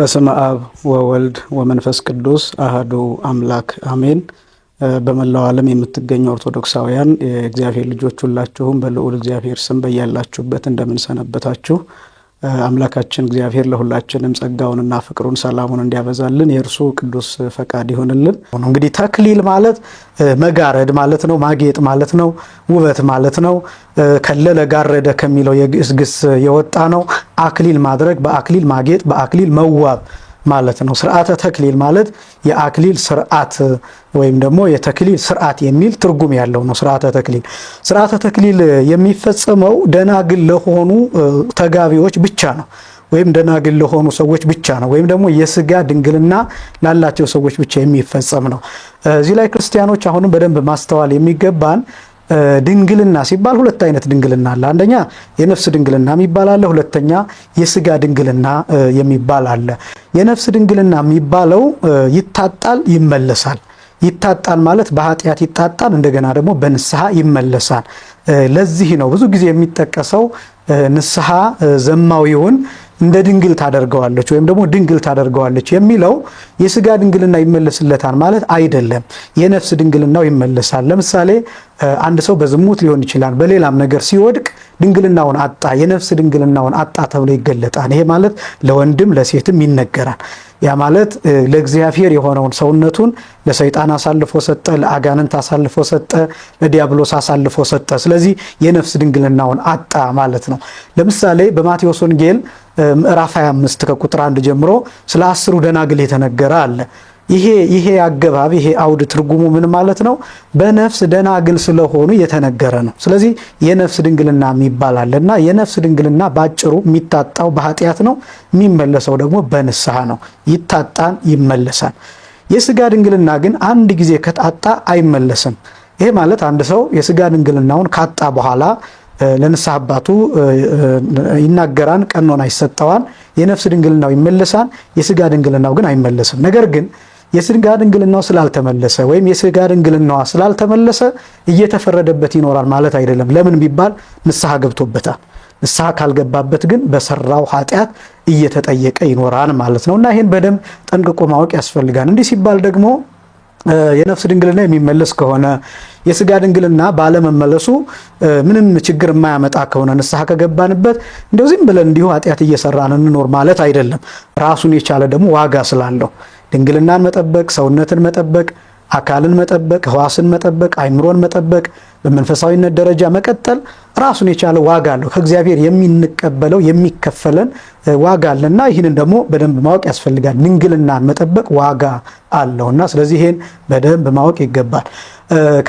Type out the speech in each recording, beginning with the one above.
በስመ አብ ወወልድ ወመንፈስ ቅዱስ አህዱ አምላክ አሜን። በመላው ዓለም የምትገኙ ኦርቶዶክሳውያን የእግዚአብሔር ልጆች ሁላችሁም በልዑል እግዚአብሔር ስም በያላችሁበት እንደምንሰነበታችሁ አምላካችን እግዚአብሔር ለሁላችንም ጸጋውንና ፍቅሩን ሰላሙን እንዲያበዛልን የእርሱ ቅዱስ ፈቃድ ይሆንልን። እንግዲህ ተክሊል ማለት መጋረድ ማለት ነው፣ ማጌጥ ማለት ነው፣ ውበት ማለት ነው። ከለለ ጋረደ ከሚለው የግዕዝ ግስ የወጣ ነው። አክሊል ማድረግ፣ በአክሊል ማጌጥ፣ በአክሊል መዋብ ማለት ነው። ስርዓተ ተክሊል ማለት የአክሊል ስርዓት ወይም ደግሞ የተክሊል ስርዓት የሚል ትርጉም ያለው ነው። ስርዓተ ተክሊል ስርዓተ ተክሊል የሚፈጸመው ደናግል ለሆኑ ተጋቢዎች ብቻ ነው ወይም ደናግል ለሆኑ ሰዎች ብቻ ነው። ወይም ደግሞ የስጋ ድንግልና ላላቸው ሰዎች ብቻ የሚፈጸም ነው። እዚህ ላይ ክርስቲያኖች አሁንም በደንብ ማስተዋል የሚገባን ድንግልና ሲባል ሁለት አይነት ድንግልና አለ። አንደኛ የነፍስ ድንግልና የሚባል አለ። ሁለተኛ የስጋ ድንግልና የሚባል አለ። የነፍስ ድንግልና የሚባለው ይታጣል፣ ይመለሳል። ይታጣል ማለት በኃጢአት ይታጣል፣ እንደገና ደግሞ በንስሐ ይመለሳል። ለዚህ ነው ብዙ ጊዜ የሚጠቀሰው ንስሐ ዘማዊውን እንደ ድንግል ታደርገዋለች ወይም ደግሞ ድንግል ታደርገዋለች የሚለው የስጋ ድንግልና ይመለስለታል ማለት አይደለም። የነፍስ ድንግልናው ይመለሳል። ለምሳሌ አንድ ሰው በዝሙት ሊሆን ይችላል፣ በሌላም ነገር ሲወድቅ ድንግልናውን አጣ፣ የነፍስ ድንግልናውን አጣ ተብሎ ይገለጣል። ይሄ ማለት ለወንድም ለሴትም ይነገራል። ያ ማለት ለእግዚአብሔር የሆነውን ሰውነቱን ለሰይጣን አሳልፎ ሰጠ፣ ለአጋንንት አሳልፎ ሰጠ፣ ለዲያብሎስ አሳልፎ ሰጠ። ስለዚህ የነፍስ ድንግልናውን አጣ ማለት ነው። ለምሳሌ በማቴዎስ ወንጌል ምዕራፍ 25 ከቁጥር 1 ጀምሮ ስለ አስሩ ደናግል የተነገረ አለ። ይሄ ይሄ አገባብ ይሄ አውድ ትርጉሙ ምን ማለት ነው? በነፍስ ደናግል ስለሆኑ የተነገረ ነው። ስለዚህ የነፍስ ድንግልና የሚባል አለና የነፍስ ድንግልና ባጭሩ የሚታጣው በኃጢአት ነው፣ የሚመለሰው ደግሞ በንስሐ ነው። ይታጣን ይመለሳል። የስጋ ድንግልና ግን አንድ ጊዜ ከታጣ አይመለስም። ይሄ ማለት አንድ ሰው የስጋ ድንግልናውን ካጣ በኋላ ለንስሐ አባቱ ይናገራን፣ ቀኖና ይሰጠዋል። የነፍስ ድንግልናው ይመለሳል፣ የስጋ ድንግልናው ግን አይመለስም። ነገር ግን የስጋ ድንግልናው ስላልተመለሰ ወይም የስጋ ድንግልናዋ ስላልተመለሰ እየተፈረደበት ይኖራል ማለት አይደለም። ለምን ቢባል ንስሐ ገብቶበታል። ንስሐ ካልገባበት ግን በሰራው ኃጢአት እየተጠየቀ ይኖራል ማለት ነው እና ይህን በደንብ ጠንቅቆ ማወቅ ያስፈልጋል። እንዲህ ሲባል ደግሞ የነፍስ ድንግልና የሚመለስ ከሆነ የስጋ ድንግልና ባለመመለሱ ምንም ችግር የማያመጣ ከሆነ ንስሐ ከገባንበት እንደው ዝም ብለን እንዲሁ ኃጢአት እየሰራን እንኖር ማለት አይደለም። ራሱን የቻለ ደግሞ ዋጋ ስላለው ድንግልናን መጠበቅ፣ ሰውነትን መጠበቅ፣ አካልን መጠበቅ፣ ህዋስን መጠበቅ፣ አይምሮን መጠበቅ፣ በመንፈሳዊነት ደረጃ መቀጠል ራሱን የቻለ ዋጋ አለው። ከእግዚአብሔር የሚንቀበለው የሚከፈለን ዋጋ አለና ይህንን ደግሞ በደንብ ማወቅ ያስፈልጋል። ድንግልናን መጠበቅ ዋጋ አለውና ስለዚህ ይህን በደንብ ማወቅ ይገባል።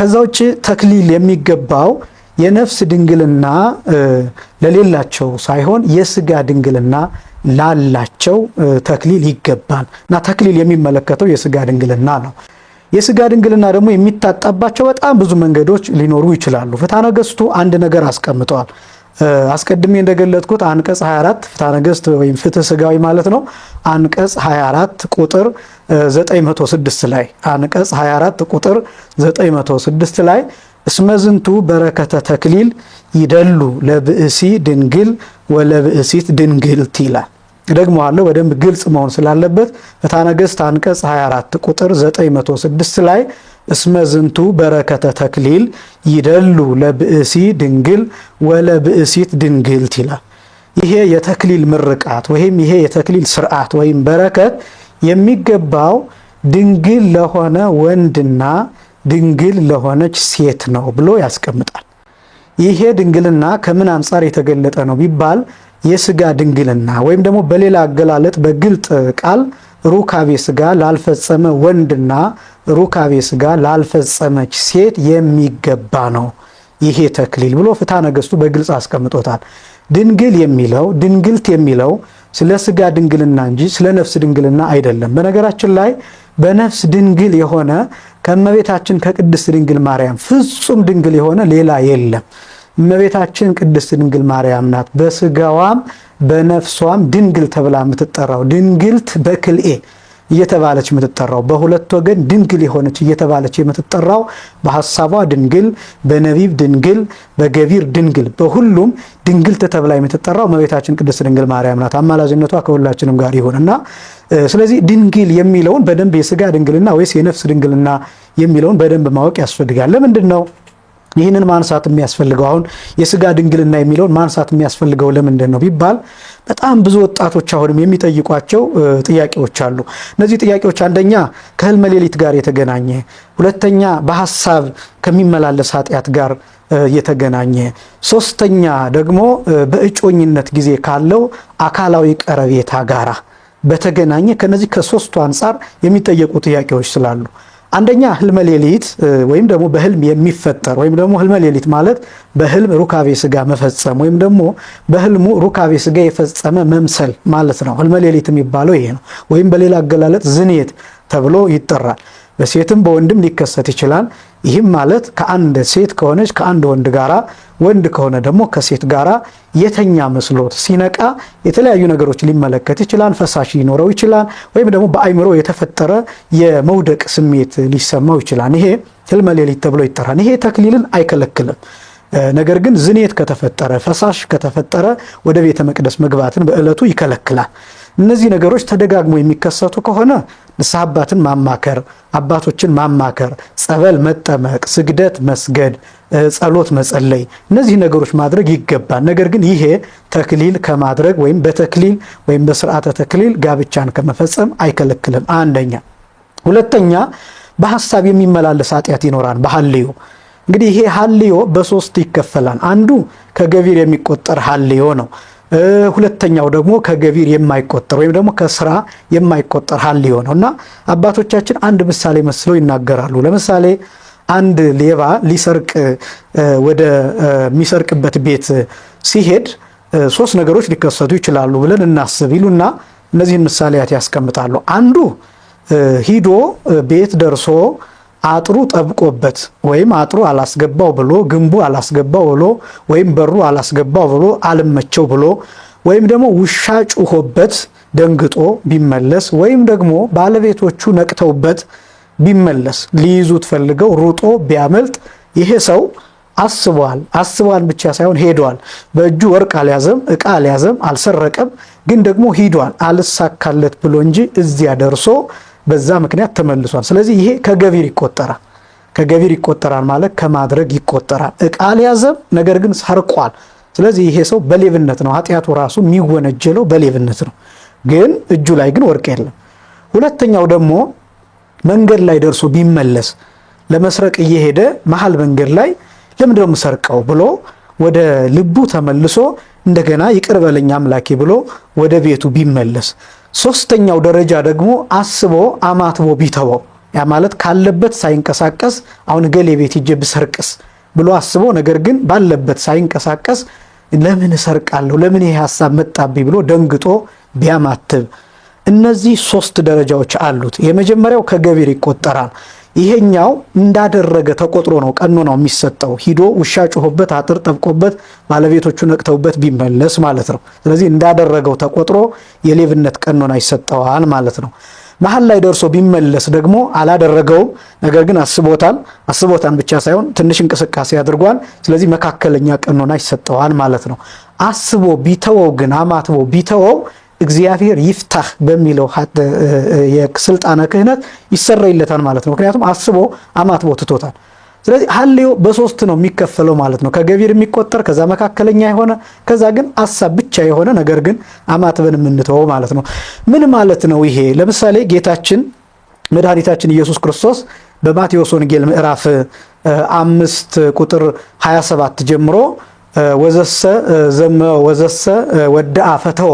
ከዛ ውጭ ተክሊል የሚገባው የነፍስ ድንግልና ለሌላቸው ሳይሆን የስጋ ድንግልና ላላቸው ተክሊል ይገባል እና ተክሊል የሚመለከተው የስጋ ድንግልና ነው። የስጋ ድንግልና ደግሞ የሚታጣባቸው በጣም ብዙ መንገዶች ሊኖሩ ይችላሉ። ፍትሐ ነገሥቱ አንድ ነገር አስቀምጠዋል። አስቀድሜ እንደገለጥኩት አንቀጽ 24 ፍትሐ ነገሥት ወይም ፍትህ ስጋዊ ማለት ነው። አንቀጽ 24 ቁጥር 906 ላይ አንቀጽ 24 ቁጥር 906 ላይ እስመዝንቱ በረከተ ተክሊል ይደሉ ለብእሲ ድንግል ወለብእሲት ድንግልት ይላል። ደግሞ አለው በደንብ ግልጽ መሆን ስላለበት በታነገስት አንቀጽ 24 ቁጥር 906 ላይ እስመዝንቱ በረከተ ተክሊል ይደሉ ለብእሲ ድንግል ወለብእሲት ድንግልት ይላል። ይሄ የተክሊል ምርቃት ወይም ይሄ የተክሊል ስርዓት ወይም በረከት የሚገባው ድንግል ለሆነ ወንድና ድንግል ለሆነች ሴት ነው ብሎ ያስቀምጣል። ይሄ ድንግልና ከምን አንጻር የተገለጠ ነው ቢባል የስጋ ድንግልና ወይም ደግሞ በሌላ አገላለጥ በግልጥ ቃል ሩካቤ ስጋ ላልፈጸመ ወንድና ሩካቤ ስጋ ላልፈጸመች ሴት የሚገባ ነው ይሄ ተክሊል ብሎ ፍትሐ ነገሥቱ በግልጽ አስቀምጦታል። ድንግል የሚለው ድንግልት የሚለው ስለ ስጋ ድንግልና እንጂ ስለ ነፍስ ድንግልና አይደለም። በነገራችን ላይ በነፍስ ድንግል የሆነ ከእመቤታችን ከቅድስት ድንግል ማርያም ፍጹም ድንግል የሆነ ሌላ የለም። እመቤታችን ቅድስት ድንግል ማርያም ናት። በስጋዋም በነፍሷም ድንግል ተብላ የምትጠራው ድንግልት በክልኤ እየተባለች የምትጠራው በሁለት ወገን ድንግል የሆነች እየተባለች የምትጠራው በሀሳቧ ድንግል፣ በነቢብ ድንግል፣ በገቢር ድንግል፣ በሁሉም ድንግል ተተብላ የምትጠራው መቤታችን ቅድስት ድንግል ማርያም ናት። አማላጅነቷ ከሁላችንም ጋር ይሁንና ስለዚህ ድንግል የሚለውን በደንብ የስጋ ድንግልና ወይስ የነፍስ ድንግልና የሚለውን በደንብ ማወቅ ያስፈልጋል። ለምንድን ነው ይህንን ማንሳት የሚያስፈልገው አሁን የስጋ ድንግልና የሚለውን ማንሳት የሚያስፈልገው ለምንድን ነው ቢባል በጣም ብዙ ወጣቶች አሁንም የሚጠይቋቸው ጥያቄዎች አሉ። እነዚህ ጥያቄዎች አንደኛ ከህልመ ሌሊት ጋር የተገናኘ፣ ሁለተኛ በሀሳብ ከሚመላለስ ኃጢአት ጋር የተገናኘ፣ ሶስተኛ ደግሞ በእጮኝነት ጊዜ ካለው አካላዊ ቀረቤታ ጋራ በተገናኘ ከነዚህ ከሶስቱ አንጻር የሚጠየቁ ጥያቄዎች ስላሉ አንደኛ ህልመ ሌሊት ወይም ደግሞ በህልም የሚፈጠር ወይም ደግሞ ህልመ ሌሊት ማለት በህልም ሩካቤ ስጋ መፈጸም ወይም ደግሞ በህልሙ ሩካቤ ስጋ የፈጸመ መምሰል ማለት ነው። ህልመ ሌሊት የሚባለው ይሄ ነው። ወይም በሌላ አገላለጥ ዝንየት ተብሎ ይጠራል። በሴትም በወንድም ሊከሰት ይችላል። ይህም ማለት ከአንድ ሴት ከሆነች ከአንድ ወንድ ጋራ፣ ወንድ ከሆነ ደግሞ ከሴት ጋራ የተኛ መስሎት ሲነቃ የተለያዩ ነገሮች ሊመለከት ይችላል። ፈሳሽ ሊኖረው ይችላል። ወይም ደግሞ በአይምሮ የተፈጠረ የመውደቅ ስሜት ሊሰማው ይችላል። ይሄ ህልመ ሌሊት ተብሎ ይጠራል። ይሄ ተክሊልን አይከለክልም። ነገር ግን ዝኔት ከተፈጠረ፣ ፈሳሽ ከተፈጠረ ወደ ቤተ መቅደስ መግባትን በእለቱ ይከለክላል። እነዚህ ነገሮች ተደጋግሞ የሚከሰቱ ከሆነ ንስሐ አባትን ማማከር፣ አባቶችን ማማከር፣ ጸበል መጠመቅ፣ ስግደት መስገድ፣ ጸሎት መጸለይ፣ እነዚህ ነገሮች ማድረግ ይገባል። ነገር ግን ይሄ ተክሊል ከማድረግ ወይም በተክሊል ወይም በስርዓተ ተክሊል ጋብቻን ከመፈጸም አይከለክልም። አንደኛ። ሁለተኛ በሀሳብ የሚመላለስ ኃጢአት ይኖራል። በሀልዮ እንግዲህ ይሄ ሀልዮ በሶስት ይከፈላል። አንዱ ከገቢር የሚቆጠር ሀልዮ ነው። ሁለተኛው ደግሞ ከገቢር የማይቆጠር ወይም ደግሞ ከስራ የማይቆጠር ሀል የሆነው እና አባቶቻችን አንድ ምሳሌ መስለው ይናገራሉ። ለምሳሌ አንድ ሌባ ሊሰርቅ ወደ ሚሰርቅበት ቤት ሲሄድ ሶስት ነገሮች ሊከሰቱ ይችላሉ ብለን እናስብ ይሉና እነዚህን ምሳሌያት ያስቀምጣሉ። አንዱ ሂዶ ቤት ደርሶ አጥሩ ጠብቆበት ወይም አጥሩ አላስገባው ብሎ ግንቡ አላስገባው ብሎ ወይም በሩ አላስገባው ብሎ አልመቸው ብሎ ወይም ደግሞ ውሻ ጩሆበት ደንግጦ ቢመለስ ወይም ደግሞ ባለቤቶቹ ነቅተውበት ቢመለስ ሊይዙት ፈልገው ሩጦ ቢያመልጥ ይሄ ሰው አስቧል። አስቧል ብቻ ሳይሆን ሄዷል። በእጁ ወርቅ አልያዘም፣ እቃ አልያዘም፣ አልሰረቀም። ግን ደግሞ ሂዷል። አልሳካለት ብሎ እንጂ እዚያ ደርሶ በዛ ምክንያት ተመልሷል። ስለዚህ ይሄ ከገቢር ይቆጠራል። ከገቢር ይቆጠራል ማለት ከማድረግ ይቆጠራል። እቃ አልያዘም፣ ነገር ግን ሰርቋል። ስለዚህ ይሄ ሰው በሌብነት ነው ኃጢአቱ ራሱ የሚወነጀለው በሌብነት ነው። ግን እጁ ላይ ግን ወርቅ የለም። ሁለተኛው ደግሞ መንገድ ላይ ደርሶ ቢመለስ ለመስረቅ እየሄደ መሀል መንገድ ላይ ለምንድነው ሰርቀው ብሎ ወደ ልቡ ተመልሶ እንደገና ይቅር በለኝ አምላኬ ብሎ ወደ ቤቱ ቢመለስ ሶስተኛው ደረጃ ደግሞ አስቦ አማትቦ ቢተወው ያ ማለት ካለበት ሳይንቀሳቀስ አሁን ገሌ ቤት ሂጄ ብሰርቅስ ብሎ አስቦ ነገር ግን ባለበት ሳይንቀሳቀስ ለምን እሰርቃለሁ ለምን ይሄ ሀሳብ መጣብኝ ብሎ ደንግጦ ቢያማትብ እነዚህ ሶስት ደረጃዎች አሉት። የመጀመሪያው ከገቢር ይቆጠራል። ይሄኛው እንዳደረገ ተቆጥሮ ነው ቀኖ ነው የሚሰጠው። ሂዶ ውሻ ጮሆበት አጥር ጠብቆበት ባለቤቶቹ ነቅተውበት ቢመለስ ማለት ነው። ስለዚህ እንዳደረገው ተቆጥሮ የሌብነት ቀኖና ይሰጠዋል ማለት ነው። መሀል ላይ ደርሶ ቢመለስ ደግሞ አላደረገውም፣ ነገር ግን አስቦታል። አስቦታን ብቻ ሳይሆን ትንሽ እንቅስቃሴ አድርጓል። ስለዚህ መካከለኛ ቀኖና ይሰጠዋል ማለት ነው። አስቦ ቢተወው ግን አማትቦ ቢተወው እግዚአብሔር ይፍታህ በሚለው ስልጣነ ክህነት ይሰረይለታል ማለት ነው። ምክንያቱም አስቦ አማትቦ ትቶታል። ስለዚህ ሀሌዮ በሶስት ነው የሚከፈለው ማለት ነው። ከገቢር የሚቆጠር ከዛ መካከለኛ የሆነ ከዛ ግን አሳብ ብቻ የሆነ ነገር ግን አማትበን የምንተወው ማለት ነው። ምን ማለት ነው ይሄ? ለምሳሌ ጌታችን መድኃኒታችን ኢየሱስ ክርስቶስ በማቴዎስ ወንጌል ምዕራፍ አምስት ቁጥር 27 ጀምሮ ወዘሰ ዘመ ወዘሰ ወደ አፈተው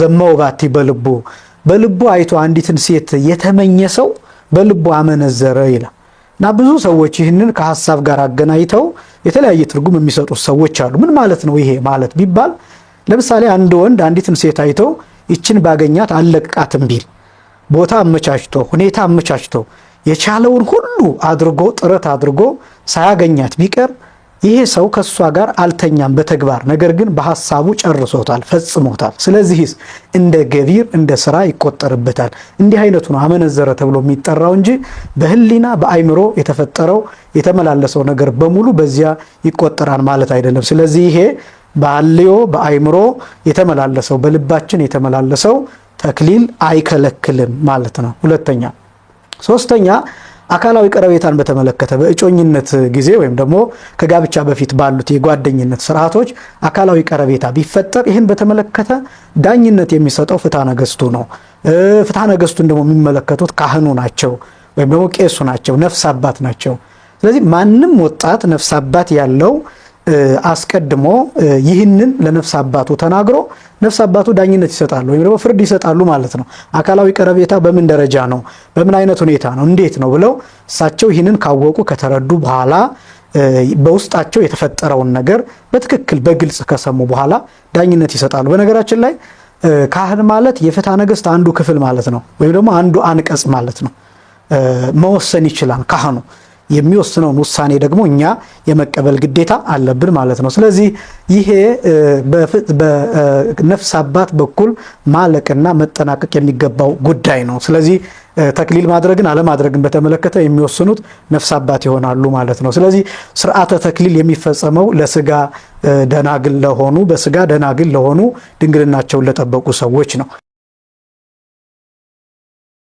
ዘመውባቲ በልቡ በልቡ አይቶ አንዲትን ሴት የተመኘ ሰው በልቡ አመነዘረ ይላል እና ብዙ ሰዎች ይህንን ከሀሳብ ጋር አገናኝተው የተለያየ ትርጉም የሚሰጡት ሰዎች አሉ። ምን ማለት ነው ይሄ ማለት ቢባል ለምሳሌ አንድ ወንድ አንዲትን ሴት አይቶ ይችን ባገኛት አለቅቃትም ቢል ቦታ አመቻችቶ ሁኔታ አመቻችቶ የቻለውን ሁሉ አድርጎ ጥረት አድርጎ ሳያገኛት ቢቀር ይሄ ሰው ከእሷ ጋር አልተኛም በተግባር ነገር ግን በሐሳቡ ጨርሶታል፣ ፈጽሞታል። ስለዚህስ እንደ ገቢር እንደ ስራ ይቆጠርበታል። እንዲህ አይነቱ ነው አመነዘረ ተብሎ የሚጠራው እንጂ በህሊና በአይምሮ የተፈጠረው የተመላለሰው ነገር በሙሉ በዚያ ይቆጠራል ማለት አይደለም። ስለዚህ ይሄ በአልዮ በአይምሮ የተመላለሰው በልባችን የተመላለሰው ተክሊል አይከለክልም ማለት ነው። ሁለተኛ ሶስተኛ አካላዊ ቀረቤታን በተመለከተ በእጮኝነት ጊዜ ወይም ደግሞ ከጋብቻ በፊት ባሉት የጓደኝነት ስርዓቶች አካላዊ ቀረቤታ ቢፈጠር ይህን በተመለከተ ዳኝነት የሚሰጠው ፍትሐ ነገስቱ ነው። ፍትሐ ነገስቱን ደግሞ የሚመለከቱት ካህኑ ናቸው፣ ወይም ደግሞ ቄሱ ናቸው፣ ነፍስ አባት ናቸው። ስለዚህ ማንም ወጣት ነፍስ አባት ያለው አስቀድሞ ይህንን ለነፍስ አባቱ ተናግሮ ነፍስ አባቱ ዳኝነት ይሰጣሉ ወይም ደግሞ ፍርድ ይሰጣሉ ማለት ነው። አካላዊ ቀረቤታ በምን ደረጃ ነው? በምን አይነት ሁኔታ ነው? እንዴት ነው ብለው እሳቸው ይህንን ካወቁ ከተረዱ በኋላ በውስጣቸው የተፈጠረውን ነገር በትክክል በግልጽ ከሰሙ በኋላ ዳኝነት ይሰጣሉ። በነገራችን ላይ ካህን ማለት የፍትሐ ነገሥት አንዱ ክፍል ማለት ነው፣ ወይም ደግሞ አንዱ አንቀጽ ማለት ነው። መወሰን ይችላል ካህኑ የሚወስነውን ውሳኔ ደግሞ እኛ የመቀበል ግዴታ አለብን ማለት ነው። ስለዚህ ይሄ በነፍስ አባት በኩል ማለቅና መጠናቀቅ የሚገባው ጉዳይ ነው። ስለዚህ ተክሊል ማድረግን አለማድረግን በተመለከተ የሚወስኑት ነፍስ አባት ይሆናሉ ማለት ነው። ስለዚህ ስርዓተ ተክሊል የሚፈጸመው ለስጋ ደናግል ለሆኑ በስጋ ደናግል ለሆኑ ድንግልናቸውን ለጠበቁ ሰዎች ነው።